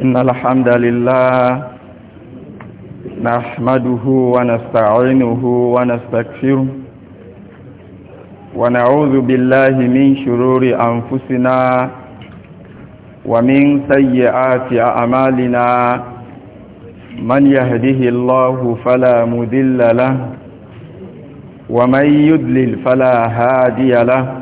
إن الحمد لله نحمده ونستعينه ونستكفره ونعوذ بالله من شرور أنفسنا ومن سيئات أعمالنا من يهده الله فلا مذل له ومن يدلل فلا هادي له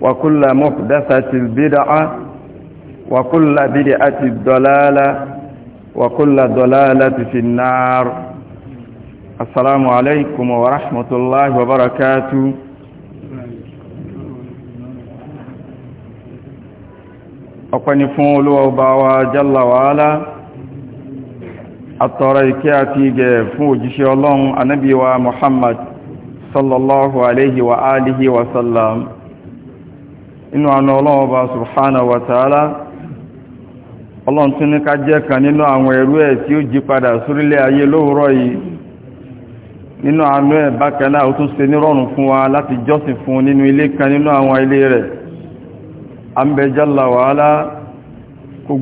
وكل محدثة بدعة وكل بدعة ضلالة وكل ضلالة في النار السلام عليكم ورحمة الله وبركاته ọ̀pẹ́ni fún olúwa ọba wa jalla wa ala àtọ̀rọ ìkẹ́ àti ìgẹ̀ fún òjíṣẹ́ ọlọ́run anábíwa muhammad sallallahu alaihi wa alihi wa sallam nínú àna ọlọ́run bá subhanahu wa ta'ala tún ní jẹ́ kan nínú àwọn ẹrú ẹ̀ tí ó jí padà sórílẹ̀ ayé lóòrọ̀ yìí nínú àánú ẹ̀ ó fún wa láti jọ́sìn fún nínú ilé kan nínú àwọn ilé rẹ̀ àmbẹ̀jálà wàhálà fún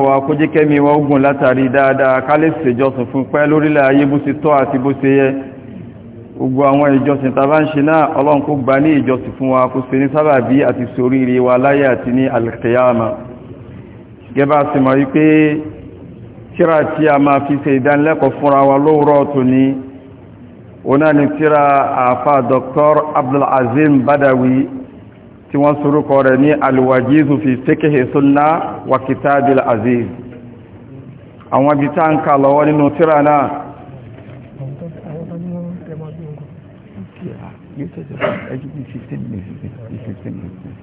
wa kó wa látàrí dáadáa ká fún pẹ́ lórílẹ̀ ayé tọ́ gbogbo àwọn ìjọsìn tàbá ń ṣe náà ọlọ́run kó gba ní ìjọsìn fún wa kó ṣe ní sábàbí àti ṣoríire wa láyé àti ní alkiyama gẹ́bà sì mọ̀ wípé tíra tí a máa fi ṣe ìdánilẹ́kọ̀ọ́ fúnra wa lóòrọ̀ tó ní oná ni tíra àfà dr abdulazim badawi tí wọ́n sorúkọ rẹ̀ ní alwajizu fi fiqhi sunna wa kitabil aziz àwọn ibi tá ń kà lọ́wọ́ nínú tíra náà You said about education 15 minutes. 15 minutes.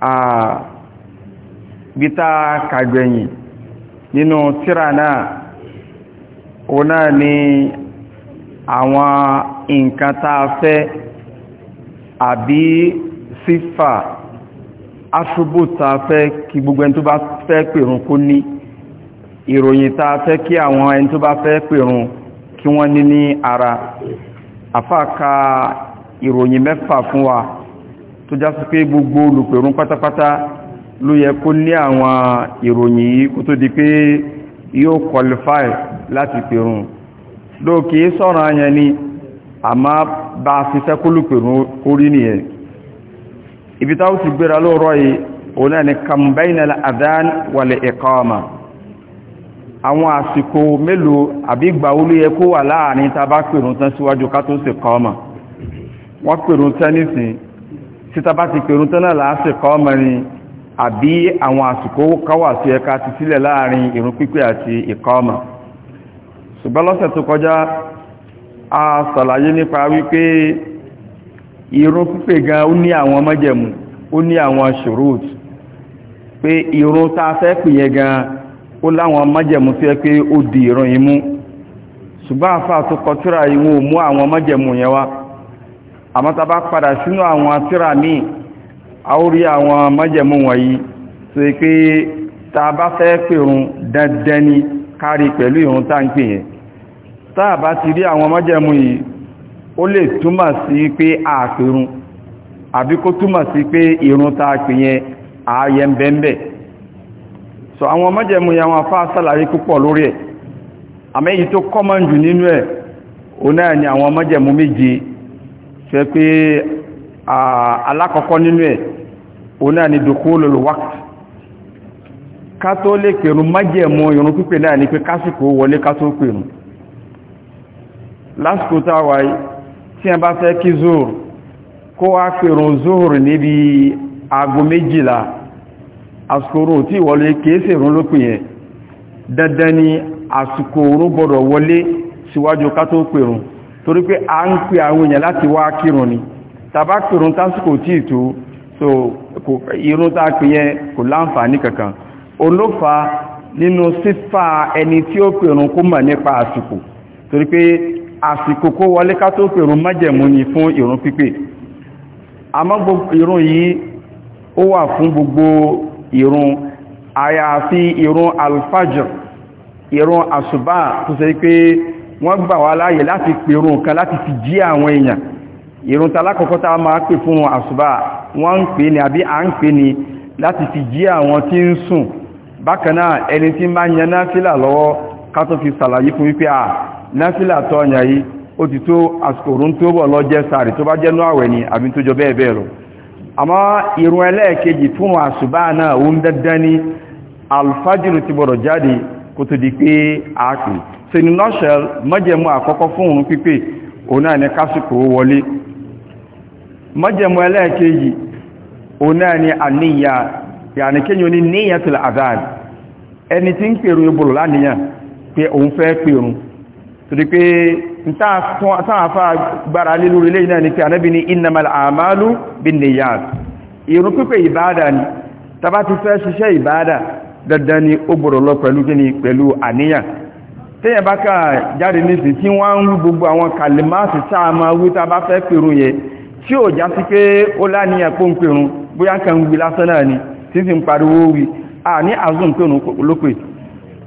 Ah, bita kagbẹ̀yìn nínú tírà náà o náà ni àwọn nǹkan táa fẹ́ àbí sífà aṣubú táa fẹ́ kí gbogbo ẹni tó bá fẹ́ pèrún kó ní ìròyìn táa fẹ́ kí àwọn ẹni tó bá fẹ́ pèrún kí wọ́n ní ní ara àfáàka ìròyìn mẹ́fà fún wa tó já sí pé gbogbo olùpẹ̀rún pátápátá ló yẹ kó ní àwọn ìròyìn yìí kó tó di pé yóò qualify láti pẹ̀rún lóòkè sọ́rọ̀ ayẹn ni a máa bá fi sẹ́kúlù pẹ̀rún kórí nìyẹn ibi táwọn ti gbéra lóòrọ̀ yìí òun náà ni kàmbáyìn àwọn àsìkò mélòó àbí ìgbà olú yẹ kó wà láàrin tá bá pèrún tán síwájú ká tó sì kọ́ ọmọ wọ́n pèrún tán nísìn tí tá bá ti pèrún tán náà láàásì kọ́ ọmọ ni àbí àwọn àsìkò káwà sí ẹka ti sílẹ̀ láàrin ìrun pípé àti ìkọ́ ọmọ ṣùgbọ́n lọ́sẹ̀ tó kọjá a sàlàyé nípa wípé ìrun pípé gan ó ní àwọn májẹ̀mú ó ní àwọn ṣòro pé ìrun tá fẹ́ pìyẹ gan ó láwọn májẹ̀mú tó yẹ pé ó di ìran imú ṣùgbọ́n àfáà tó kọtíra ìwọ̀n mú àwọn májẹ̀mú yẹn wá àmọ́ta padà sínú àwọn a àwọn májẹ̀mú wọ̀nyí tó yẹ pé tá bá fẹ́ pèrún dandan ta kárí pẹ̀lú taa tá yẹn tá a bá ti rí àwọn májẹ̀mú yìí ó lè túmọ̀ sí pé àpèrún àbí kó túmọ̀ sí pé ìrun so àwọn májẹ̀mú yẹn wọn afá sàlàyé púpọ̀ lórí ẹ̀ àmẹ́yí tó kọ́mọ̀n jù nínú ẹ̀ o náà ni àwọn májẹ̀mú méje fẹ́ pé alákọ̀ọ́kọ́ nínú ẹ̀ o náà ni dukhulul waqt ká tó lè pèrún májẹ̀mú irun pípè náà ni pé kásìkò wọlé ká tó pèrún lásìkò táwà àsìkòrò tí ìwọlé kéèsè rún lópin yẹn dandan ni àsìkòrò gbọ́dọ̀ wọlé síwájú ká tó pèrún torí pé a ń pè àwọn èèyàn láti wá kírun ni tàbá pèrún tásìkò tí ìtò so irun tá pè yẹn kò láǹfààní kankan olófa nínú sífà ẹni tí ó pèrún kó mọ̀ nípa àsìkò torí pé àsìkò kó wọlé ká tó pèrún májẹ̀mú ni fún ìrun pípé àmọ́ irun yìí ó wà fún gbogbo ìrun àyàfi ìrun alfajr ìrun àṣùbá tó ṣe pé wọ́n gbà wá láàyè láti pèrún kan láti fi jí àwọn èèyàn ìrun talákọ̀ọ́kọ́ tá máa pè fún àṣùbá wọ́n ń pè ní àbí à ń pè ní láti fi jí àwọn tí ń sùn bákanáà ẹni tí máa yan náfílà lọ́wọ́ ká tó fi sàlàyé fún wípé à náfílà tọ́ọ̀yàn yìí ó ti tó àsìkò òrùn tó bọ̀ lọ jẹ́ sàárì tó bá jẹ́nú àwẹ̀ ni àbí tó jọ bẹ́ẹ̀ bẹ́ẹ̀ lọ amma irun ẹlẹ́ẹ̀kejì fún àṣùbá náà ó ń dandan ní alfajiri ti bọ̀rọ̀ jáde kó tó di pé àápì so ní nọ́ṣẹ̀l májẹ̀mú àkọ́kọ́ fún òun pípé òun náà ní kásìkò wọlé májẹ̀mú ẹlẹ́ẹ̀kejì òun náà ní àníyà yàní kéyìn oní níyàtul adhan ẹni tí ń táàfà gbára lé lórí lẹ́yìn náà ni pé anábi ni innamal a'malu binniyat ìrun pípẹ́ ìbáadà ni tàbá ti fẹ́ ṣiṣẹ́ ìbáadà dandan ni ó gbọ́dọ̀ lọ pẹ̀lú gíní pẹ̀lú àníyàn tẹ́yẹ̀ bá ká jáde nísìn tí wọ́n ń gbogbo àwọn kalimáàsì sáà máa wí tàbá fẹ́ pèrún yẹ tí ó já sí pé ó láníyàn pó ń pèrún bóyá kan wí lásán ni tí sì ń pariwo wí à ní àzùn pèrún lópè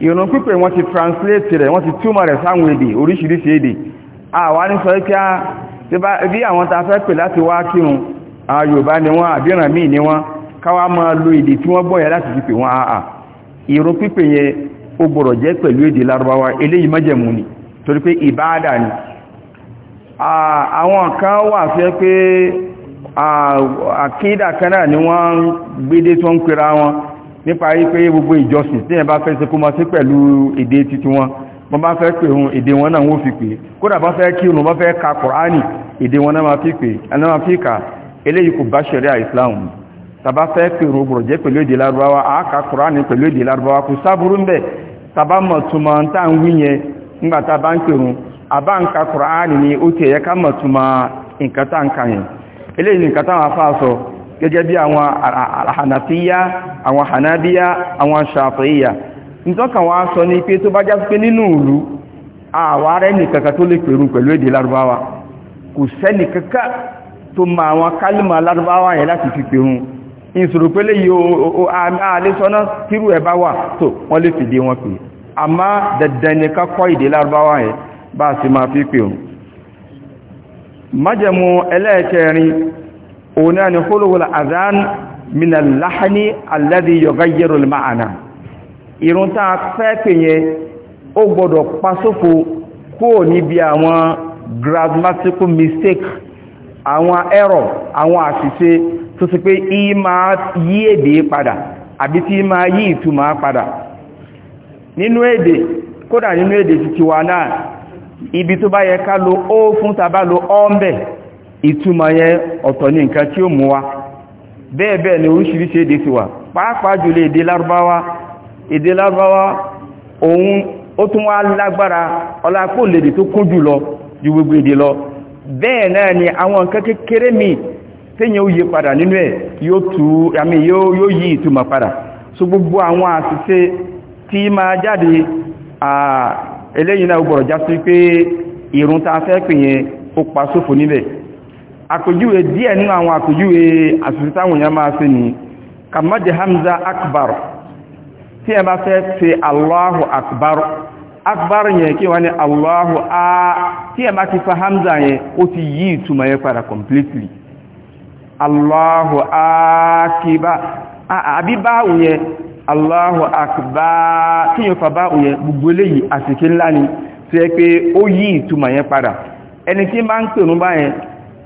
ìrun pípè wọ́n ti translate rẹ̀ wọ́n ti túmọ̀ rẹ̀ sáwọn èdè oríṣiríṣi èdè àwa ní sọ pé bí àwọn ta fẹ́ pè láti wá kírun àwọn Yorùbá ni wọ́n àbíràn míì ni wọ́n káwá máa lo èdè tí wọ́n gbọ́yẹ láti fi pè wọ́n àà ìrun pípè yẹn ó jẹ́ pẹ̀lú èdè Lárúbáwá ni torí pé ìbáadà ni àwọn kan wà fẹ́ pé àkídà kan náà nípa wípé gbogbo ìjọsìn tí ẹ bá fẹ́ ṣe kó máa ṣe pẹ̀lú èdè títí wọn wọ́n bá fẹ́ pè hun èdè wọn náà fi pè kódà bá fẹ́ kírun bá fẹ́ ka kọ̀ránì èdè wọn náà máa fi fi kà eléyìí kò bá Islam tàbá fẹ́ pè hun gbọ̀rọ̀ jẹ́ pẹ̀lú èdè lárúbáwá a ka kọ̀ránì pẹ̀lú èdè lárúbáwá kò gẹ́gẹ́ bí àwọn àhànàfíyá àwọn àhànàbíyá àwọn ṣàfíyà nítọ́kàn wá sọ ní pé tó bá já pé nínú ìlú àwà rẹ̀ nìkankan tó lè pèrú pẹ̀lú èdè lárúbáwá kò sẹ́nì kankan tó ma àwọn kálìmà lárúbáwá yẹn láti fi pèrú ìṣòro pé léyìí àlésọ́nà tírù ẹ̀ bá wà tó wọ́n lè fìdí wọn pè àmá dandan nìkan kọ́ èdè lárúbáwá yẹn bá a sì máa fi pèrú májẹ̀mú ẹlẹ́ẹ̀kẹrin o n'ani ni hulhul azan minal lahani alladhi yughayyiru al-ma'na irun tá a fẹ́ pè yẹn ó gbọ́dọ̀ pasófo kúrò níbi àwọn grammatical mistake àwọn error àwọn àṣìṣe tó sì pé í máa yí èdè padà àbí tí máa yí ìtumọ̀ padà nínú èdè kódà nínú èdè títí wa náà ibi tó bá yẹ ká lo ó fún tàbá lo ọ́ ń bẹ̀ ìtumọ̀ yẹn ọ̀tọ̀ ní nǹkan tí ó mú wa bẹ́ẹ̀bẹ́ẹ̀ ni oríṣiríṣi èdè ti wà pàápàá jùlọ èdè lárúbáwá èdè lárúbáwá òun ó tún wá lágbára ọlápò lèdè tó kún jù ju gbogbo èdè lọ bẹ́ẹ̀ náà ni àwọn nǹkan kékeré mi téèyàn ó yí padà nínú ẹ̀ yóò tú àmì yóò yí ìtumọ̀ padà so gbogbo àwọn àṣìṣe tí máa jáde eléyìí náà gbọ́dọ̀ já sí pé ìrun ta ó pa sófò níbẹ̀ àpèjúwe díẹ̀ nínú àwọn àpèjúwe àṣìṣe táwọn èèyàn máa ṣe ní kàmọ́dé hamza akbar tí ẹ bá fẹ́ ṣe allahu akbar akbar yẹn kí wọ́n ní a tí ẹ bá ti fa hamza yẹn ó ti yí ìtumọ̀ yẹn padà completely allahu akiba àbí báwù yẹn allahu akbar tí yẹn fa báwù yẹn gbogbo eléyìí ńlá ni tí ẹ pé ó yí ìtumọ̀ yẹn padà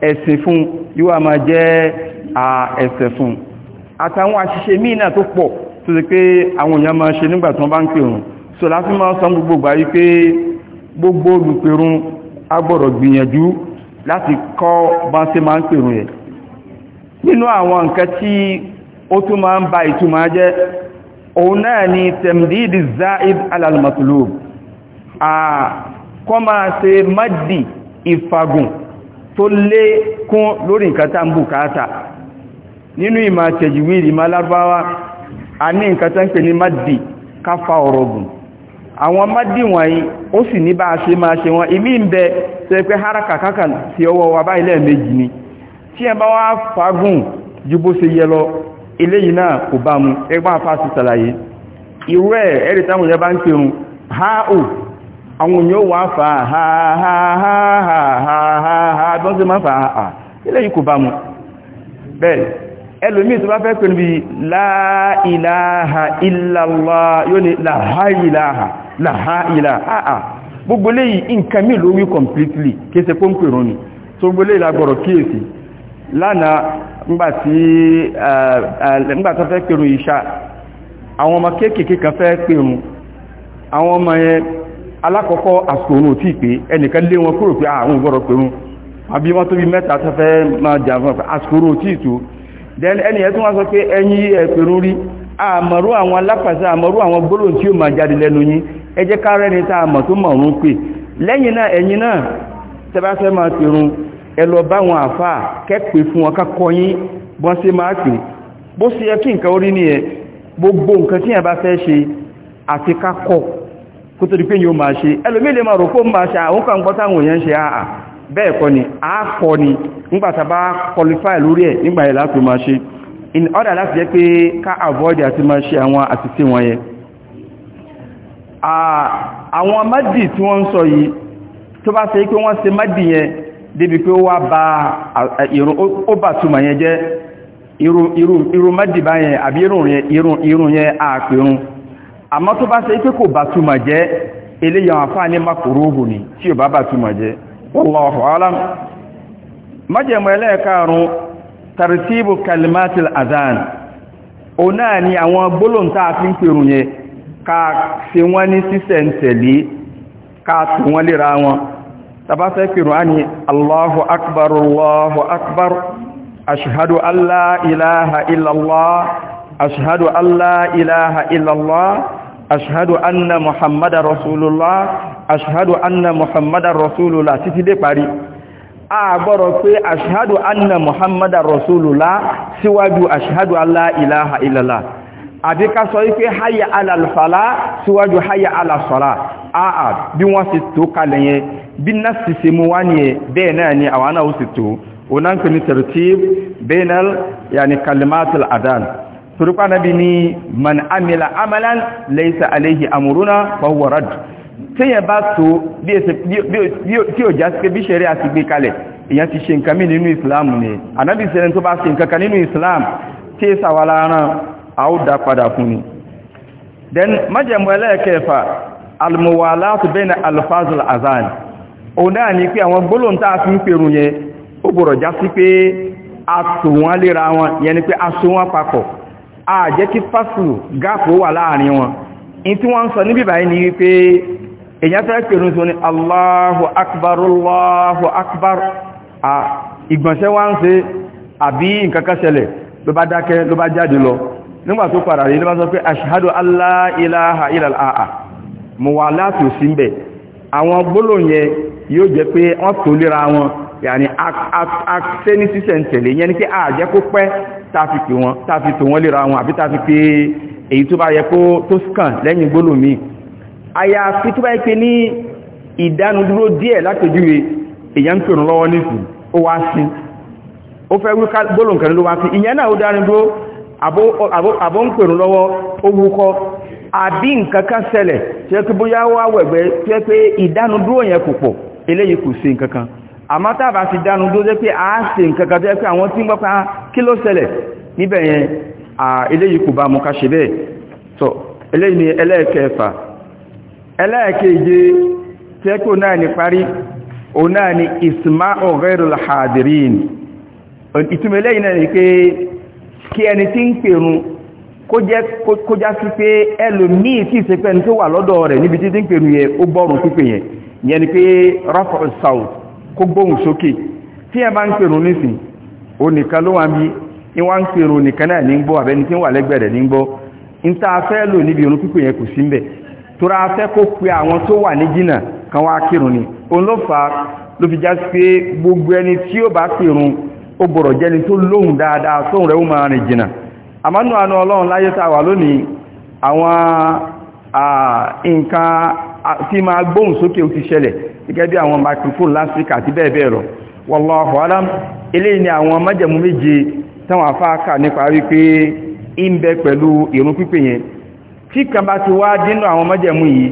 ẹ̀sìn fún yóò a máa jẹ́ ẹ̀sẹ̀ fún àtàwọn àṣìṣe míì náà tó pọ̀ tó ti pé àwọn èèyàn máa ṣe nígbà tí wọ́n bá ń pèrún so láti máa sọ gbogbo gbà wípé gbogbo olùpèrún a gbọ́dọ̀ gbìyànjú láti kọ́ bá ṣe máa ń pèrún yẹ nínú àwọn nǹkan tí ó tún máa ń ba ìtumọ̀ jẹ́ òun náà ni tẹ̀mdìdì zaid alalmatulub a kọ́ máa ṣe mádì ìfagùn tó lé kún lórí nǹkan tá ń bùkátà nínú ìmọ̀ àtẹ̀jìwìrì ma lárúbáwá a ní nǹkan tá ń pè ní mádì káfà ọ̀rọ̀gùn àwọn mádì wọ̀nyí ó sì ní bá a ṣe máa ṣe wọn ìmí ń bẹ tẹ́ haraka kákà ọwọ́ wa báyìí lẹ́ẹ̀mejì ni tí ẹ bá wá fagùn ju bó ṣe yẹ lọ náà kò bá mu ẹgbọ́n irú ẹ̀ ẹ̀rì táwọn bá ń ha àwọn èèyàn wà fà ha ha ha ha ha ha ha bí wọ́n sì máa ha ha ilé yìí kò bá mu bẹ́ẹ̀ ẹlòmíì tó bá fẹ́ la ilaha illallah yóò ní láha ìlàhà láha ìlàhà àà gbogbo léyìí nǹkan completely kése pọ́ǹpẹ̀ rọ́nì tó gbogbo léyìí lágbọ̀rọ̀ kíyèsí lánàá ńgbàtí fẹ́ pẹ̀rù ìṣà àwọn ọmọ kéèkèé kan fẹ́ pẹ̀rù àwọn ọmọ yẹn alákọ̀ọ́kọ́ àsìkò òun ò tí pé ẹnìkan lé wọn kúrò pé ah, àwọn ìgbọ́rọ̀ pé wọn àbí wọ́n tó bí mẹ́ta tó máa jà fún tí tó then ẹni ẹ̀ tún wá sọ pé ẹ̀yin ẹ̀pẹ̀rún rí àmọ̀rú àwọn alápàṣẹ àmọ̀rú àwọn gbólóhùn tí ó máa jáde lẹ́nu yín ẹ jẹ́ ká rẹ́ni tá a mọ̀ tó mọ̀ òun pè lẹ́yìn náà ẹ̀yin náà tẹ́ bá fẹ́ máa pèrún ẹ kó tó di pé yóò máa ṣe ẹlòmí lè máa rò kó máa ṣe àwọn kan gbọ́ta àwọn èèyàn ṣe àà bẹ́ẹ̀ kọ́ ni a kọ́ ni nígbàtà bá qualify lórí ẹ̀ nígbà láti máa ṣe in order láti jẹ́ pé ká avoid àti máa ṣe àwọn àtìsí wọn àmọ́ tó bá ṣe pé kò bá túmọ̀ jẹ́ eléyàn àfáà ní makruhu ni tí ò bá bá túmọ̀ jẹ́ wallahu alam májẹ̀mọ̀ ẹlẹ́ẹ̀kárùn tartibu kalimatil adhan o náà ni àwọn gbólóhùn tá a fi ń pèrò yẹn ká ṣe wọ́n ní sísẹ̀ntẹ̀lé ká tù wọ́n léra wọn tàbá fẹ́ á ní allahu akbar allahu akbar ashhadu an ilaha illallah أشهد أن لا إله إلا الله أشهد أن محمد رسول الله أشهد أن محمد رسول الله تتدي باري àgbọ́rọ̀ pé aṣíhádù anna muhammadar rasulullah síwájú aṣíhádù alla ilaha illallah àbí ká sọ wípé hayya alalfala síwájú hayya alasọ́lá àà bí wọ́n sì tó kalẹ̀ yẹn bí náà sì se mú wá ní ẹ bẹ́ẹ̀ náà ni àwọn náà ó sì tó onáńkì ní tartib bainal yani kalimatul adhan turupa nabi ni man amila amalan laysa alayhi amruna fa huwa rad tẹ́yàn bá tó bí ẹsẹ̀ bí ó já sí pé bí ṣẹ̀rẹ́ àti gbé kalẹ̀ èyàn ti ṣe nǹkan mí nínú islam ni anábì sẹ́rẹ́ tó bá ṣe nǹkan kan nínú islam tí sàwà lára àúdà padà fún ni then májẹ̀mú ẹlẹ́ẹ̀kẹfà almuwalatu bayna alfazul azan òun náà ni pé àwọn gbólóhùn tá a fi ń pèrò yẹn ó gbọ́dọ̀ já sí a tò wọ́n léra wọn yẹn ni pé a so wọ́n papọ̀ àjẹ́ kí fásitì gáàpù wà láàrin wọn in tí wọ́n ń sọ níbi báyìí ni wípé èyàn fẹ́ pẹ̀rún tó ní Allahu akbar Allahu akbar a ìgbọ̀nsẹ̀ wá ń ṣe àbí nǹkankan ṣẹlẹ̀ ló bá dákẹ́ ló bá jáde lọ nígbà tó padà rí ló bá sọ pé ashhadu alla ilaha illallah mo wà yàní àṣẹ ní sísẹ̀ntẹ̀lé yẹn ni pé àjẹ́ kó pẹ́ tàfikì wọn tàfikì wọn lè ra wọn àbí tàfikì èyí tó bá yẹ kó tó skàn lẹ́yìn gbólómi àyàfi tó bá yẹ pé ní ìdánudúró díẹ̀ látòjúwe èyàn ń pèrún lọ́wọ́ nísìn ó wá sí ó fẹ́ wí gbólóǹkan ló wá sí ìyẹn náà ó dánudúró àbó ń pèrún lọ́wọ́ ó wúkọ́ àbí nǹkan kan ṣẹlẹ̀ tí ó kí bóyá wá wẹ̀gbẹ́ tí ó pé ìdánudúró yẹn kò pọ̀ eléyìí kò sí nǹkan kan àmọ́ tàbà ti dánu tó jẹ́ pé a ṣe nǹkankan tó yẹ pé àwọn tí ń gbọ́pá ah, kí ló ṣẹlẹ̀ níbẹ̀ yẹn eléyìí kò bá mú ká ṣe bẹ́ẹ̀ tó eléyìí ni ẹlẹ́ẹ̀kẹfà ẹlẹ́ẹ̀keje tẹ́kù náà ni parí òun náà ni isma ni pé kí ẹni tí ń pèrún ni pé rafa saud kó gbóhùn sókè tí ẹ bá ń pèrún nísìn o nìkan ló wà bí i wá ń pèrún nìkan náà ní gbọ́ àbẹ́ni tí wà lẹ́gbẹ̀rẹ̀ ní gbọ́ ń ta fẹ́ lò níbi irun pípè yẹn kò sí mbẹ̀ tó ra fẹ́ kó pe àwọn tó wà ní jìnnà kan wá kírun ni o ló fa ló fi já sí pé gbogbo ẹni tí ó bá ó jẹ́ni tó lóhùn dáadáa rẹ̀ ó máa tí máa gbóhùn sókè ó ti ṣẹlẹ̀ gẹ́gẹ́ bí àwọn microphone lásìkò àti bẹ́ẹ̀ bẹ́ẹ̀ lọ wallahu alam eléyìí ni àwọn májẹ̀mú méje táwọn afáàkà nípa wípé ń bẹ pẹ̀lú ìrun pípè yẹn tí kan bá ti wá dínú àwọn májẹ̀mú yìí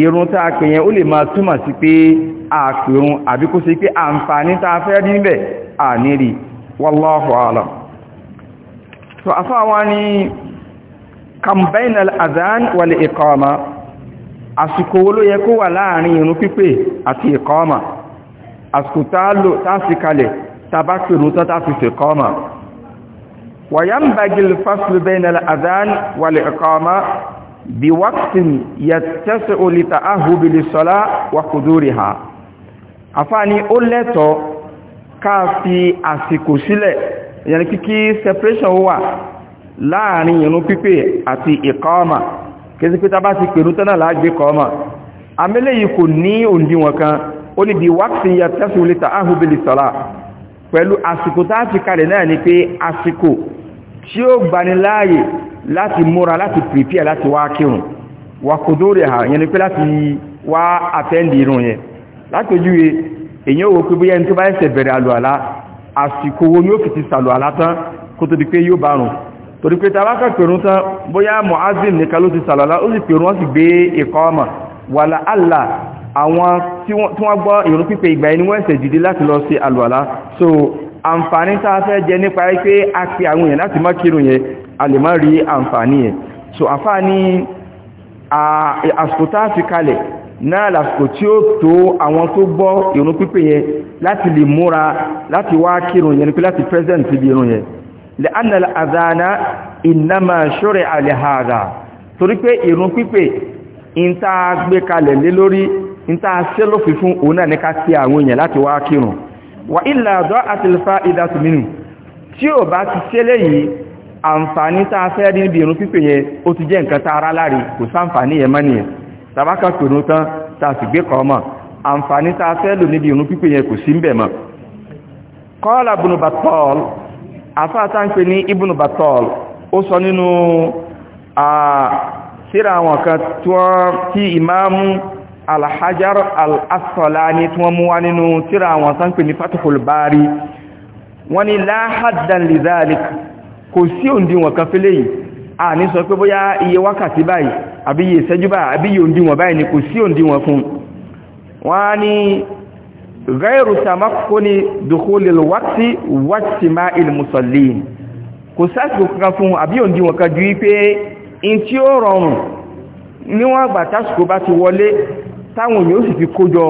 ìrun tá a pè yẹn ó lè máa túmọ̀ sí pé àpèrun àbí kó sí pé àǹfààní tá a fẹ́ rí níbẹ̀ àníri wallahu alam so afáwa ni kambainal adhan wal iqama àsìkò wo ló yẹ kó wà láàrin irun pípè àti ìkọ́ọ̀mà àsìkò táàlò táàfi kalẹ̀ tàbá pèrún tán táàfi fèkọ́ọ̀mà وينبغي الفصل بين الأذان والإقامة بوقت يتسع لتأهب للصلاة afani ó lẹ́tọ̀ ká yani kiki separation wà láàrin ìrun pípè àti iqama kìí pé tá bá ti pèrú tánà láàgbé kọ́ ọmọ amílẹ̀ yìí kò ní òǹdíwọ̀n kan ó ní bí wáksì ya tẹ́sù lè ta áhùbìlì sọ́lá pẹ̀lú àsìkò tá ti kalẹ̀ náà ni pé àsìkò tí ó gbani láti múra láti prepare láti wá kírun wà kò dóòrè ha yẹn ni pé láti wá attend irun yẹn látòjúwe èyàn wò pé bóyá ẹni tó bá ẹsẹ̀ bẹ̀rẹ̀ àlùalá àsìkò wo torí pé tàbákà pèrún tán bóyá mọ̀ázìm nìkan ló ti sàlọ́lá ó sì pèrún wọ́n sì gbé ìkámà wà láàlá àwọn tí wọ́n gbọ́ ìrun pípe ìgbà ẹni ẹ̀sẹ̀ dìde láti lọ sí alwàlá so àǹfààní tàà fẹ́ jẹ nípa pé a pe àwọn èèyàn láti má kírun yẹn a lè má rí àǹfààní yẹn so àǹfààní àsìkò tàà fi kalẹ̀ náà lásìkò tí ó tó àwọn tó gbọ́ ìrun pípe yẹn láti lè múra láti wá kírun yẹn ni pé láti present ibi ìrun yẹn لأن الأذان إنما شرع لهذا torí pé ìrun pípè in tá gbé kalẹ̀ lé lórí in tá ṣe ló fi fún òun náà ní ká kí àwọn èèyàn láti wá kírun wà ilẹ̀ àjọ́ àti lè fa ìdásù mínú tí ò bá ti ṣe léyìí àǹfààní tá fẹ́ rí níbi ìrun pípè yẹn ó ti jẹ́ nǹkan tá ara láre kò sáǹfààní yẹn mọ́ nìyẹn tàbákà pèrún tán tá sì gbé kọ́ mọ̀ àǹfààní tá fẹ́ lò níbi ìrun pípè yẹn kò sí ń bẹ̀ mọ́ kọ́ọ̀lá bùnú bàtọ́ọ̀lù àfáàtà ń pè ní ibùn batol ó sọ nínú síra àwọn kan tí ìmáàmù alhajar al-asqalani tí wọ́n mú wá nínú síra àwọn tán pè ní fatihul bari wọ́n ni láhàdàn lizalik kò sí òǹdíwọ̀n kan fílẹ̀ yìí a ní sọ pé bóyá iye wákàtí báyìí àbí iye ìṣẹ́jú báyìí báyìí ni kò sí òǹdíwọ̀n fún wọ́n ni ghayru tamakkuni dukhulil waqti wajtima'il musallin kò sásìkò kankan fún àbí òǹdí wọn kan ju wípé in tí ó rọrùn níwọ̀n àgbà tásìkò bá ti wọlé táwọn yóò sì fi kójọ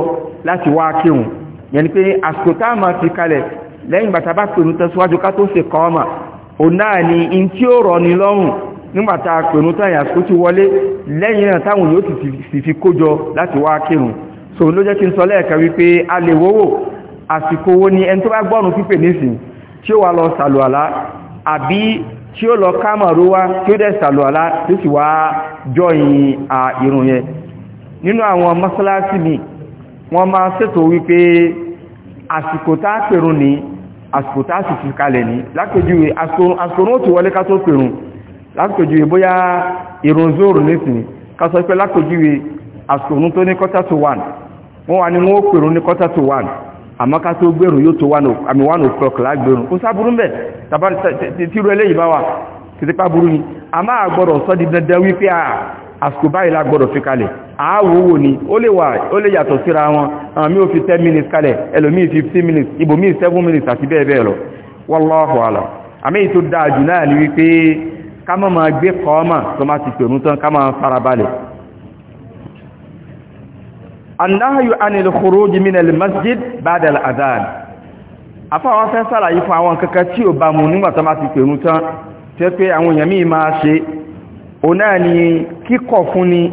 láti wá kírun yẹn ni pé àsìkò táàmà ti kalẹ̀ lẹ́yìn bàtà bá pèrún tẹ́síwájú ká tó ṣe kọ́ ọmọ òun náà ni in tí ó rọ̀ ní lọ́rùn nígbàtà pèrún táyà àsìkò ti wọlé lẹ́yìn náà táwọn yóò sì fi kójọ láti wá kírun so ló jẹ́ kí n sọ lẹ́ẹ̀kan wípé a lè wówó àsìkò owó ni ẹni tó bá gbọ́nù pípè nísìn tí ó wà lọ sàlùwàlá àbí tí ó lọ kámàró wá tí ó dẹ̀ sàlùwàlá tó sì wá jọyìn à irun yẹn nínú àwọn mọ́sálásí mi wọ́n máa ṣètò wípé àsìkò tá pèrún ní àsìkò tá sì fi kalẹ̀ ní lápèjúwe àsìkò náà ti wọlé ká tó pèrún lápèjúwe bóyá irun zoro nísìn ká sọ pé lápèjúwe àsìkò tó ní quarter to one wọ́n wà ní wọ́n pèrún ní quarter to one àmọ́ ká tó gbèrún yóò tó àmì one o'clock lágbèrún kò sáburú mẹ́ tíru eléyìí bá wà títipá burú ni a máa gbọ́dọ̀ sọ di dandan wípé àsìkò báyìí la gbọ́dọ̀ fi kalẹ̀ àáwòwò ni ó lè wà ó lè yàtọ̀ síra wọn àwọn ò fi 10 minutes kalẹ̀ ẹlòmí 15 minutes ibòmí 7 minutes àti bẹ́ẹ̀ bẹ́ẹ̀ lọ wallahu alam àmì ètò dáa jù náà ni wípé ká má máa gbé kọ́ tó má ti pèrún tán ká máa farabalẹ̀ annahayu anil khuruji min al masjid ba'da al adhan afa wa fẹ́ ṣàlàyé fún àwọn kankan tí ó bá mu nígbà tá ma ti pẹ̀run tán tẹ́ pé àwọn èyàn mi ma ṣe ọ̀nà ni kíkọ̀ fún ni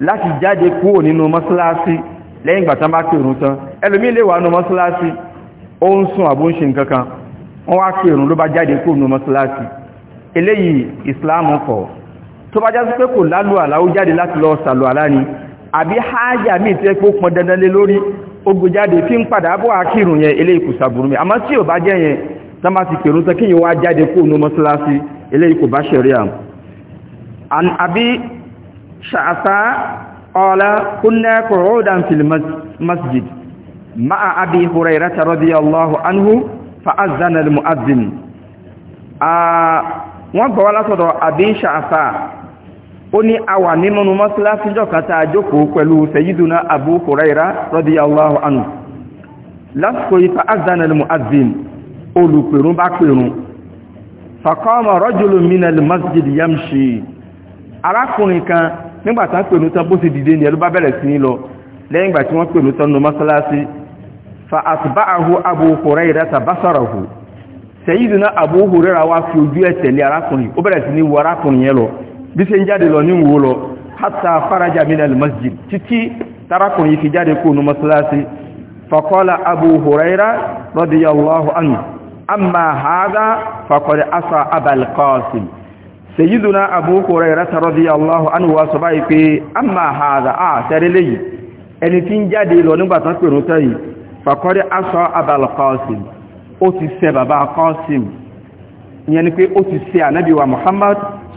láti jáde kúrò nínú mọ́sálásí lẹ́yìn gbà tá ma pẹ̀run tán ẹlòmí lè wà nínú mọ́sálásí ó ń sùn àbó ń ṣe nǹkan kan wọ́n wá pẹ̀run ló bá jáde kúrò nínú mọ́sálásí islam kọ̀ tó bá jásí pé kò lálù àlá ó jáde láti lọ sàlù àlá ni àbí hájà míì tẹ́ pé ó pọn dandan lé lórí ogun jáde tí ń padà bọ́ àkírùn yẹn ilé ìkùsà burú mi àmọ́ tí ò bá jẹ́ yẹn tán bá ti pèrú tán kíyàn wá jáde kó nú mọ́sálásí ilé ìkù bá ṣẹ̀rí àm àbí ṣàṣá wọ́n gbọ́wọ́ látọ̀dọ̀ àbí ṣàṣá ó ní a wà nínú mọ́síláṣí jọ́kátà jókòó pẹ̀lú sẹ̀yídùná Abu Huraira radiyallahu anhu lásìkò ipa azanil mu'azzin olùpèrún bá pèrún faqama rajulun minal masjid yamshi arákùnrin kan nígbàtà pèrún tán bó ti dìde ní ẹlú bá bẹ̀rẹ̀ sí lọ lẹ́yìn ìgbà tí wọ́n pèrún tán nínú mọ́síláṣí fa atba'ahu Abu Huraira tabasarahu sẹ̀yídùná Abu Huraira wá fi ojú ẹ̀ tẹ̀lé arákùnrin ó bẹ̀rẹ̀ sí ní wo arákùnrin yẹn lọ bí ṣe ń jáde lọ ní wo lọ hatta faraja min al-masjid títí tarakun yìí fi jáde kó nu masalasi faqala abu huraira radiyallahu anhu amma hadha faqad asa abal qasim sayyiduna abu huraira radiyallahu anhu wa sabai pé amma hadha a tareleyi ẹni tí ń jáde lọ nígbà tán pèrún tẹ́yì faqad asa abal ó ti ṣe bàbá qasim ìyẹn pé ó ti ṣe ànábì muhammad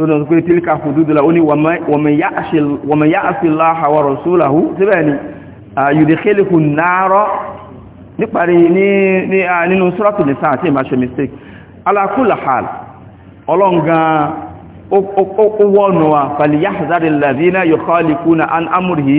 tó lọ pé tílíkà fòdúdúlà ó ní wọ̀mọ̀ yá àṣìlá àwọ̀rọ̀ sóòlàhú síbẹ̀ ni àyùdíkélìkù náàrọ̀ níparí nínú sọ́rọ̀tù nìsá àti ìmáṣẹ́ mistake alákùlàhàl ọlọ́ngan ó wọ́nù wa fàlìyàzàrí làzínà yukhalifuna an amrihi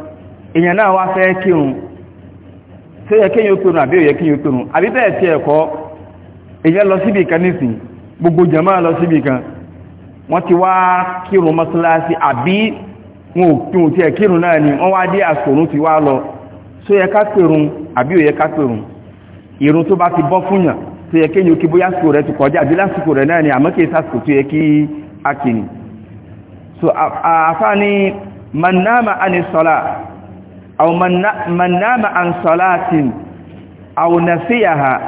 èèyàn náà wá fẹ́ kírun tó yẹ kéyìn ó pèrún àbí òyẹ kéyìn ó àbí bẹ́ẹ̀ tí kọ́ lọ síbì kan nísìn gbogbo jàmáà lọ síbì kan wọ́n ti wá kírun mọ́sálásí àbí wọn ò tí ẹ kírun náà ni wọ́n wá dé ti wá lọ yẹ ká àbí òyẹ ká ìrun tó bá ti bọ́ yẹ bóyá sùkò rẹ ti kọjá àbí lásìkò rẹ náà ni àmọ́ tó yẹ kí so àfáà ni au manama an salatin au nasiyaha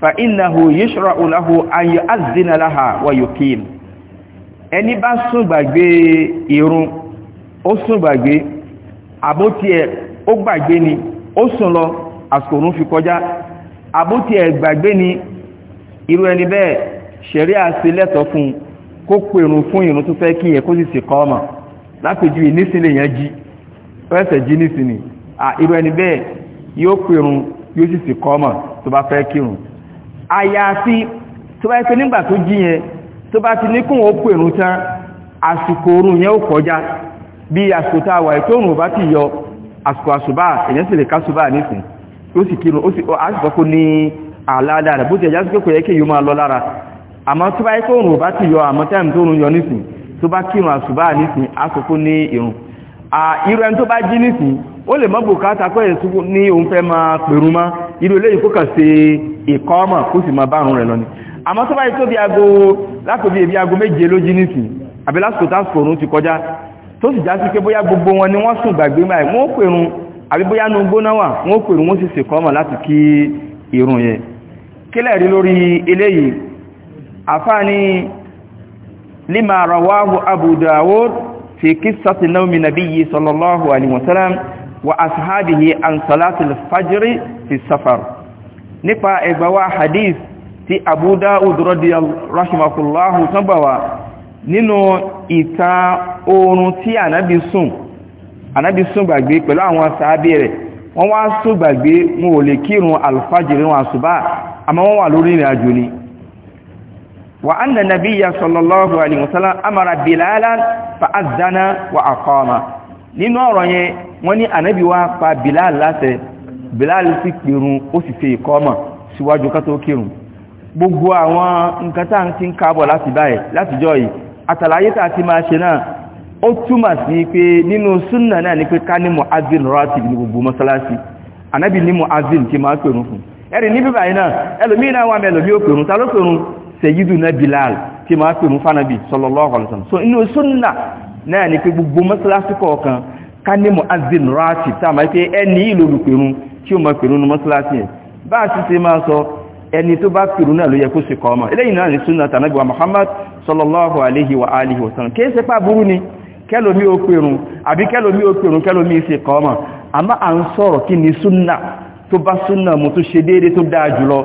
fa innahu yushra'u lahu an yu'azzina laha wa yuqim eni ba sun gbagbe irun o sun gbagbe aboti e o gbagbe ni o sun lo asorun fi koja aboti gbagbe ni iru eni be sharia si leto fun ko pe fun irun to fe ki e ko si si ko mo lati ju ni fẹ́sẹ̀ jí nísìnyí irú ẹni bẹ́ẹ̀ yóò pèrún yóò sì sì kọ́mọ̀ tó bá fẹ́ kírun àyàfi tó bá yẹ nígbà tó jí yẹn tó bá ti níkùn ó pèrún tán àsìkò oorun yẹn ó kọjá bí àsìkò tá a ti yọ àsìkò àsùbà èyàn sì lè kásùbà nísìn yóò sì kírun àsìkò kó ní bó ti ẹ̀já sí pé kí máa lọ lára àmọ́ tó bá bá ti yọ àmọ́ táìmù tó yọ nísìn tó bá kírun irú ẹni tó bá jí nìsín ó lè mọ́ bùkátà pé èsù ní òun fẹ́ máa pèrú má irú eléyìí kó kàn ṣe ìkọ́ ọmọ kó sì máa bárun rẹ̀ lọ ni àmọ́ tó bá yí tó bí aago lákòbí èbí aago méje ló jí nìsín àbí lásìkò tásìkò òun ti kọjá tó sì já sí pé bóyá gbogbo wọn ni wọ́n sùn gbàgbé máa wọ́n pèrún àbí bóyá nu gbóná wà wọ́n pèrún lima rawahu abu dawud في قصة نوم نبي صلى الله عليه وسلم وأصحابه عن صلاة الفجر في السفر نقع إبواء حديث في أبو داود رضي رحمه الله تنبوى nínú ìta oorun tí ànábì sùn ànábì sùn gbàgbé pẹ̀lú àwọn sàábé rẹ̀ wọ́n wá sùn gbàgbé wọn ò lè kírun alfajiri wọn àsùbá àmọ́ wọ́n wà lórí ìrìn àjò ni wa anna nabiyya sallallahu alaihi wasallam amara bilalan fa azana wa aqama nínú ọ̀rọ̀ yẹn wọ́n ní ànábì wa pa bilal láṣẹ bilal sì pèrún ó sì ṣe ìkọ́mọ̀ síwájú gbogbo àwọn nǹkan tá lati ti túmọ̀ sí pé nínú súnnà náà ni pé ká ní mu'azin ratib ní gbogbo mọ́sálásí ní mu'azin máa pèrún fún náà náà wà mẹ́lòmí ó pèrún ta ló pèrún Sayyiduna Bilal tí ma pè mú fánàbí sallallahu alaihi wasallam so inú súnnà náà ni pé gbogbo mọ́sálásí kọ̀ọ̀kan ká ní muazzin ráàtì tá ma pé ẹni ìlú olùpẹ̀rún tí ó ma pẹ̀rún ní mọ́sálásí ẹ̀ bá a sì ṣe máa sọ ẹni tó bá pẹ̀rún náà ló yẹ kó sì kọ́ ọmọ eléyìí náà ni súnnà tànàbí wa Muhammad sallallahu alaihi wa alihi wasallam kì í ṣe pá burú ni kẹlòmí ó pẹ̀rún àbí kẹlòmí ó pẹ̀rún kẹlòmí sì kọ́ ọmọ àmọ́ à ń sọ̀rọ̀ kí ni súnnà tó bá súnnà mo tó ṣe déédé tó dáa jùlọ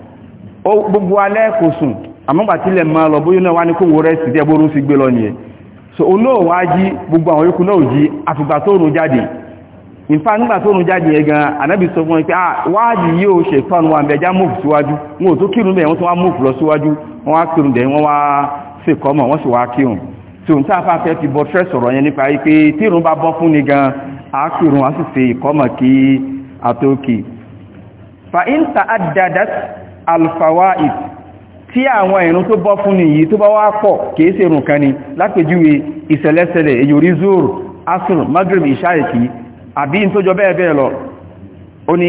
gbogbo alẹ́ kò sùn àmọ́gbà tí lẹ̀ máa lọ bóyí náà wá ní kó wọ́rẹ́ sí tẹ́ bóró sí gbé lọ nìyẹn so olóòwà jí gbogbo àwọn yòókù náà jí àfìgbà tó rùn jáde ìfà nígbà tó rùn jáde ẹgan anábì sọ fún ẹgbẹ́ ah, wáàdì yóò ṣe fún wa mẹ́já mọ́ọ̀fù síwájú wọn ò tó kírun bẹ́ẹ̀ wọ́n tó wá mọ́ọ̀fù lọ síwájú wọ́n wá kírun bẹ́ẹ̀ wọ́n wá ṣe kọ́mọ̀ wọ́n sì wá kírun tí òun táfà fẹ́ ti bọ́ fẹ́ sọ̀rọ̀ yẹn nípa pé tírun bá bọ́ fún ni gan á kírun á sì ṣe ìkọ́mọ̀ kí àtókè fa in ta alfawaid tí àwọn ìrun tó bọ́ fún nìyí tó bá wá pọ̀ kìí ṣe ìrun kan ni lápèjúwe ìṣẹ̀lẹ̀ṣẹ̀lẹ̀ èyòrí zuur asr maghrib ìṣáìkì àbí tó jọ bẹ́ẹ̀ bẹ́ẹ̀ lọ o ni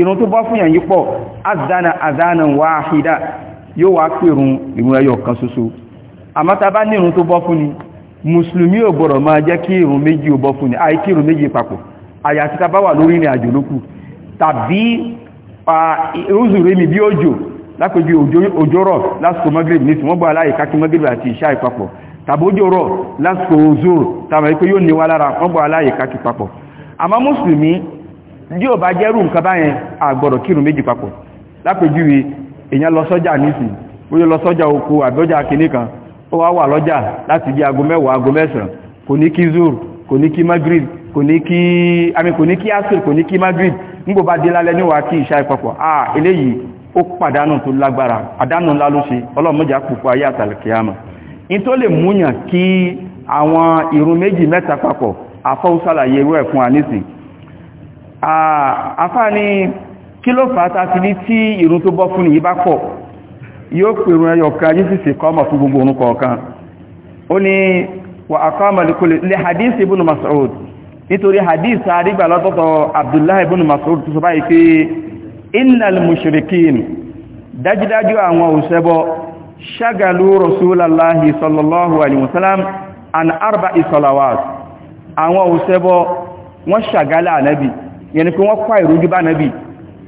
ìrun tó bọ́ fún yàn yí pọ̀ azana azana wahida yóò wá pèrún ìrun ẹyọ kan ṣoṣo àmọ́ tá bá ní ìrun tó bọ́ fún ni mùsùlùmí ò gbọ́dọ̀ máa jẹ́ kí ìrun méjì ò bọ́ fún ni àìkí ìrun méjì papọ̀ àyàtí tá bá wà lórí ìrìn àjò lókù tàbí rúzùrí mi bí òjò lápẹjú òjò rọ̀ lásìkò magrib ní ìsìnwọ́gbà aláìká kí magrib àti ìṣà ìpapọ̀ tàbójò rọ̀ lásìkò zoro tàbí pé yóò níwá lára wọ́gbà aláìká kí papọ̀ àmọ́ mùsùlùmí yóò bá jẹ́rù nǹkan báyẹn àgbọ̀rọ̀ kírun méjì papọ̀ lápẹjú èèyàn lọ sọ́jà nísìn bóyá lọ sọ́jà oko àbọ́jà kìíní kan ó wá wà lọ́jà láti bí magrib kò ní kí àmì kò ní magrib nígbò bá dé lálẹ́ níwà kí ìṣá ìpapọ̀ àà eléyìí ó pàdánù tó lágbára àdánù ńlá ló ṣe ọlọ́mọjà púpọ̀ ayé àtàlẹ̀kíyàmà in tó lè múyàn kí àwọn ìrun méjì mẹ́ta papọ̀ afọ́úsàlàyé irú ẹ̀kún ànísìn àfá ni kí ló fà á ta sí ní tí ìrun tó bọ́ fún ní nítorí hadith àrígbà lọ́tọ́tọ̀ abdullahi ibn mas'ud tó sọ báyìí pé innal mushrikin dájídájú àwọn òṣẹ́bọ ṣagalu rasulallahi sallallahu alaihi wasallam an arba'i salawat àwọn òṣẹ́bọ wọ́n ṣàgálà ànábì yẹni pé wọ́n kwa ìrújú bá ànábì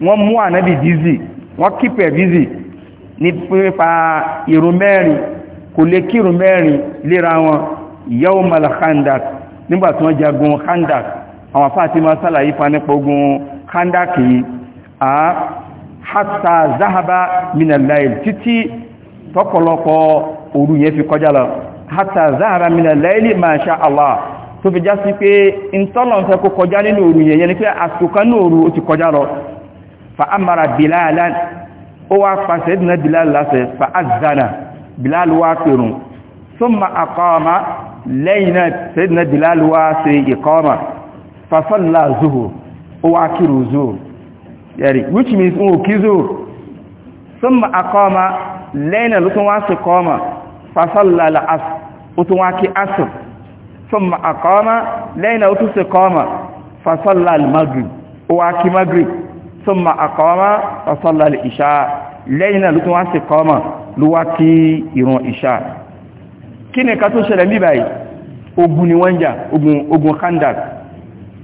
wọ́n mú ànábì dizzy wọ́n kípẹ̀ busy ní pípa ìrun mẹ́rin kò lè kírun mẹ́rin léra wọn yawmal khandaq nígbà tí wọ́n jagun handak àwọn afáàtí máa sálàyé fa nípa ogun handak yìí a hatta zahaba minalail títí tọ́pọ̀lọpọ̀ òru yẹn fi kọjá lọ hatta zahaba minalail ma sha Allah tó fi já sí pé ìntọ́lọ̀ ń fẹ́ kó kọjá nínú òru yẹn yẹn ni pé àsìkò nínú òru ó ti kọjá lọ lẹ́yìn náà sayyidina Bilal wá ṣe ìkọ́mà fasalla zuhur ó wá kírù zuhur yẹ̀rì which means ó kí zuhur summa aqama lẹ́yìn náà ló tún wá ṣe kọ́mà fasalla la'asr ó tún wá kí asr summa aqama lẹ́yìn náà ó tún ṣe kọ́mà fasalla wá kí maghrib isha lẹ́yìn náà ló tún wá ṣe isha kí ni ká tó ṣẹlẹ̀ ní báyìí ogun ni wọ́n jà ogun ogun Khandak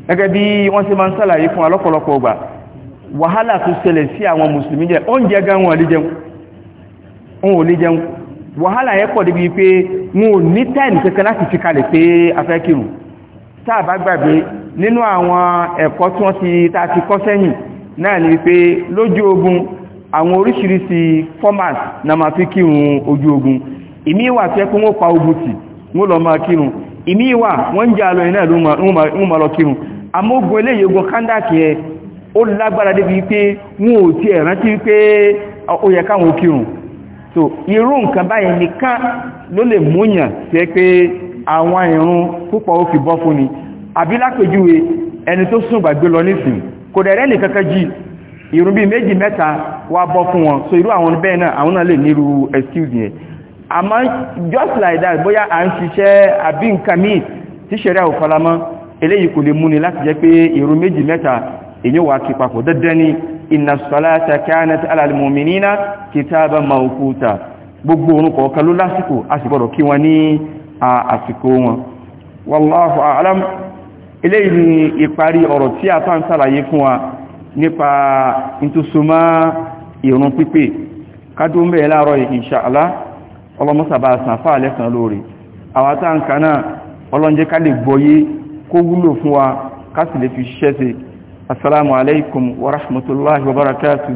gẹ́gẹ́ bí wọ́n ṣe máa ń sàlàyé fún alọ́pọ̀lọpọ̀ ọgbà wàhálà tó ṣẹlẹ̀ sí àwọn mùsùlùmí jẹ́ oúnjẹ gan wọn ò lè jẹun wọn ò lè jẹun wàhálà yẹn pọ̀ débi pé wọn ò ní táìmù kankan láti fi kalẹ̀ pé afẹ́ ni pé lójú ogun àwọn oríṣiríṣi format na máa fi kírun ìmí wà tẹ́ kó wọ́n pa ogun tì wọ́n lọ máa kírun ìmí wà wọ́n ń jẹ́ àlọ́ iná ìlú wọ́n máa lọ kírun àmógun eléyìí ogun kandaki ẹ ó lágbára débi pé wọ́n ò ti ẹ̀rántí pé ó yẹ káwọn kírun so irú nǹkan báyìí nìkan ló lè múyàn tẹ́ pé àwọn ìrun púpọ̀ ó fi bọ́ fún ni àbí lápèjúwe ẹni tó sùn gbàgbé lọ nísìn kò dẹ̀rẹ́ nìkankan jí ìrun bíi méjì mẹ́ta wá bọ́ fún wọn so irú àwọn bẹ́ẹ̀ náà àwọn náà lè nírú excuse yẹn àmọ́ just like that bóyá à ń ṣiṣẹ́ àbí nǹkan míì tí ṣẹ̀rẹ́ ò faramọ́ eléyìí kò lè múni láti jẹ́ pé èrò méjì mẹ́ta èyí wà kí papọ̀ dandan ni inna salata kanat ala almu'minina kitaban mawquta gbogbo orun kọ̀ọ̀kan ló lásìkò a sì gbọ́dọ̀ kí wallahu a'lam eléyìí ni ìparí ọ̀rọ̀ tí a tán sàlàyé fún wa nípa ìtúsùmọ́ ìrun pípé kádùn bẹ́ẹ̀ láàárọ̀ insha Allah ọlọ́mọ́sàbà sàfà lẹ́sàn lórí àwọn táǹkà náà ọlọ́njẹ́ ká lè gbọ́yé kó wúlò fún wa ká sì lè fi ṣẹ́sẹ̀ assalamu alaikum wa rahmatullahi wa barakatuh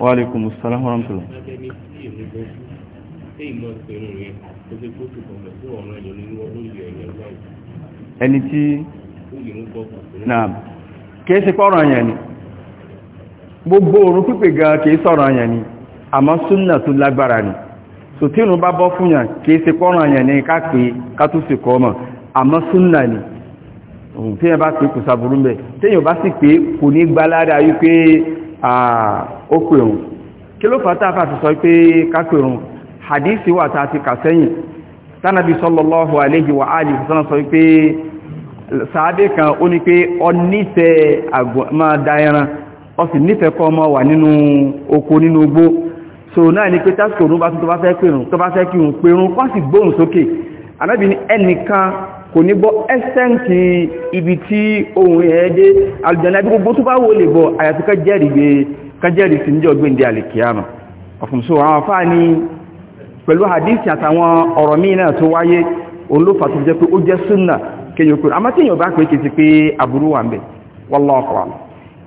wa alaikum assalamu wa rahmatullah ẹni tí náà kìí ṣe pọ́rọ̀ yẹn ni gbogbo òrùn pípè gan kìí sọ̀rọ̀ àyàn ni àmọ́ súnà tó lágbára ni so tí ìrùn bá bọ́ fún yàn kìí ṣe pọ́rọ̀ àyàn ni ká pé ká tún sì kọ́ mọ̀ àmọ́ súnà ni òun tí yẹn wà tá a sallallahu alayhi wa alihi sọ́nà sọ pé sàábé kan ó ní pé ọ nífẹ̀ẹ́ àgbọ̀n máa da ẹran ó sì nífẹ̀ẹ́ kọ́ ọmọ wà nínú oko nínú ogbó so náà ni pé tásìkò òun bá tún tó bá fẹ́ pèrún tó bá fẹ́ kí òun pèrún kó sì gbóhùn sókè anábì ní ẹnìkan kò ní gbọ́ ẹ́sẹ̀ǹtì ibi tí ohun ẹ̀ẹ́dẹ́ alùjẹ̀nà ibi gbogbo tó bá wò lè bọ̀ àyàfi kájẹ́rì sí níjọ́ gbéǹdé àlèkìyàmà ọ̀fùnṣò àwọn afáà ni pẹ̀lú hadith àtàwọn ọ̀rọ̀ míì náà tó wáyé olófà tó jẹ́ pé ó jẹ́ súnnà kéyòkúrò àmá tí èyàn bá pé kìí sí pé àbúrú wà ń bẹ̀ wallahu a'lam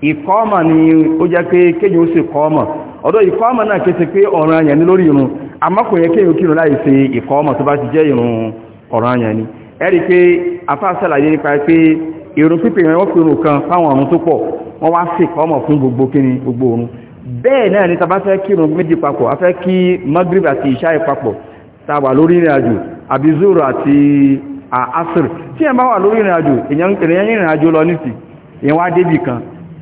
ìkọ́ọ̀mà ni ó jẹ́ pé kéyìn ó sì kọ́ọ̀mà ọ̀dọ̀ ìkọ́ọ̀mà náà kése pé ọ̀ràn àyàn ní lórí irun àmọ́kò yẹ kéyìn kírun láì ìkọ́ọ̀mà tó bá ti jẹ́ irun ọ̀ràn àyàn ni ẹ̀rí pé afáṣàlàyé nípa pé irun pípé yẹn wọ́n kan fáwọn ọ̀run tó pọ̀ wọ́n wá fún gbogbo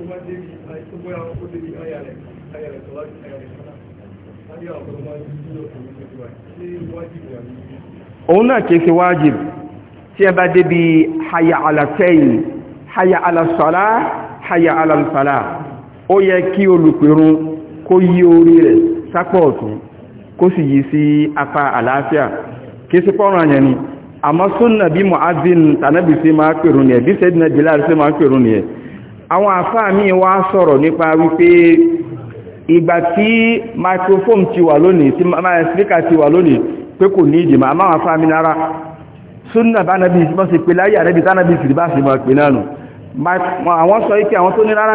tó bá débi tó bóyá ó débi ayà rẹ̀ ayà rẹ̀ tó láti ayà rẹ̀ sọ́nà láti àwọn ọ̀pọ̀lọpọ̀ máa ń dúró fún mi lójú wa ṣé wájìbì wà ní. òun náà kìí ṣe wájìbì tí ẹ bá débi haya alasẹ́yìn haya alasọ́lá haya alasọ́lá ó yẹ kí olùpẹ̀rún kó yí orí rẹ̀ sápá ọ̀tún kó sì yí sí apá àlàáfíà kìí ṣe pọ́nrán yẹn ni àmọ́ súnà bí mu'adhin tànàbì sí máa pèrún ni àwọn àfáà míì wá sọ̀rọ̀ nípa wípé ìgbà tí microphone ti wà lónìí tí speaker ti wà lónìí pé kò ní ìdìmọ̀ àmọ́ àwọn àfáà mi nára súnà bá nàbí ìsìnbọ́n sí pé láyé àrẹ́bí tánàbí ìsìnbí bá sì mọ̀ pé náà nù àwọn sọ ikẹ́ àwọn tó ní rárá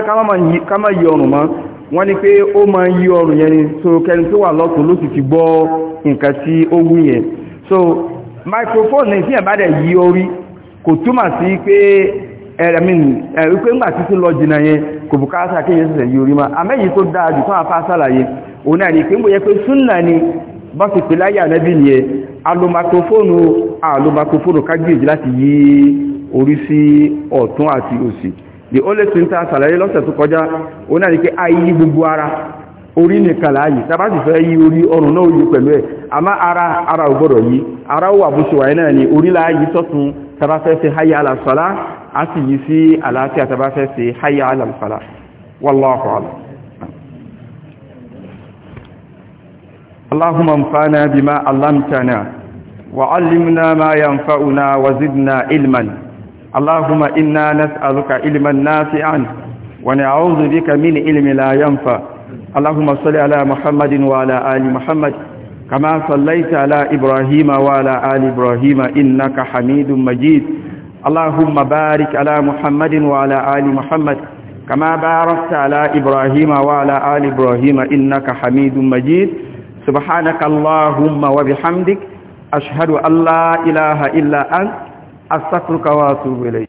ká má yí ọrùn mọ́ wọ́n ní pé ó ma yí ọrùn yẹn ni so kẹni tó wà lọ́tún ló sì ti gbọ́ nǹkan tí ó wú yẹn so microphone ní ìfihàn bá dẹ̀ yí orí kò túmọ̀ sí pé Eh, eh, wípé ńgbà tí tó lọ jìnà yẹn kò bùkátà kí yẹn sẹ̀sẹ̀ yìí orí ma amẹ́yìí tó dáa jù fún àfá sálàyé òun náà ni pé ń bò yẹ pé súnnà ni bá fi pè láyé ànẹ́bí nìyẹn alomatofóònù alomatofóònù kágbèjì láti yí orí sí ọ̀tún àti òsì the only thing ta sàlàyé lọ́sẹ̀ tó kọjá òun náà ni pé ayé gbogbo ara orí nìkan láàyè sì fẹ́ yí orí ọrùn náà yí pẹ̀lú ẹ̀ àmá ara ara ara ó wà bó ṣe wà náà ni orí láàyè sọ́tún tàbá fẹ́ ṣe hayya ala salah á sì yí sí àlàáfíà tàbá fẹ́ ṣe hayya ala اللهم انفعنا بما علمتنا وعلمنا ما ينفعنا وزدنا علما اللهم إنا نسألك علما نافعا ونعوذ بك من علم لا ينفع اللهم صل على محمد وعلى آل محمد كما صليت على إبراهيم وعلى آل إبراهيم إنك حميد مجيد اللهم بارك على محمد وعلى آل محمد كما باركت على إبراهيم وعلى آل إبراهيم إنك حميد مجيد سبحانك اللهم وبحمدك أشهد أن لا إله إلا أنت أستغفرك وأتوب إليك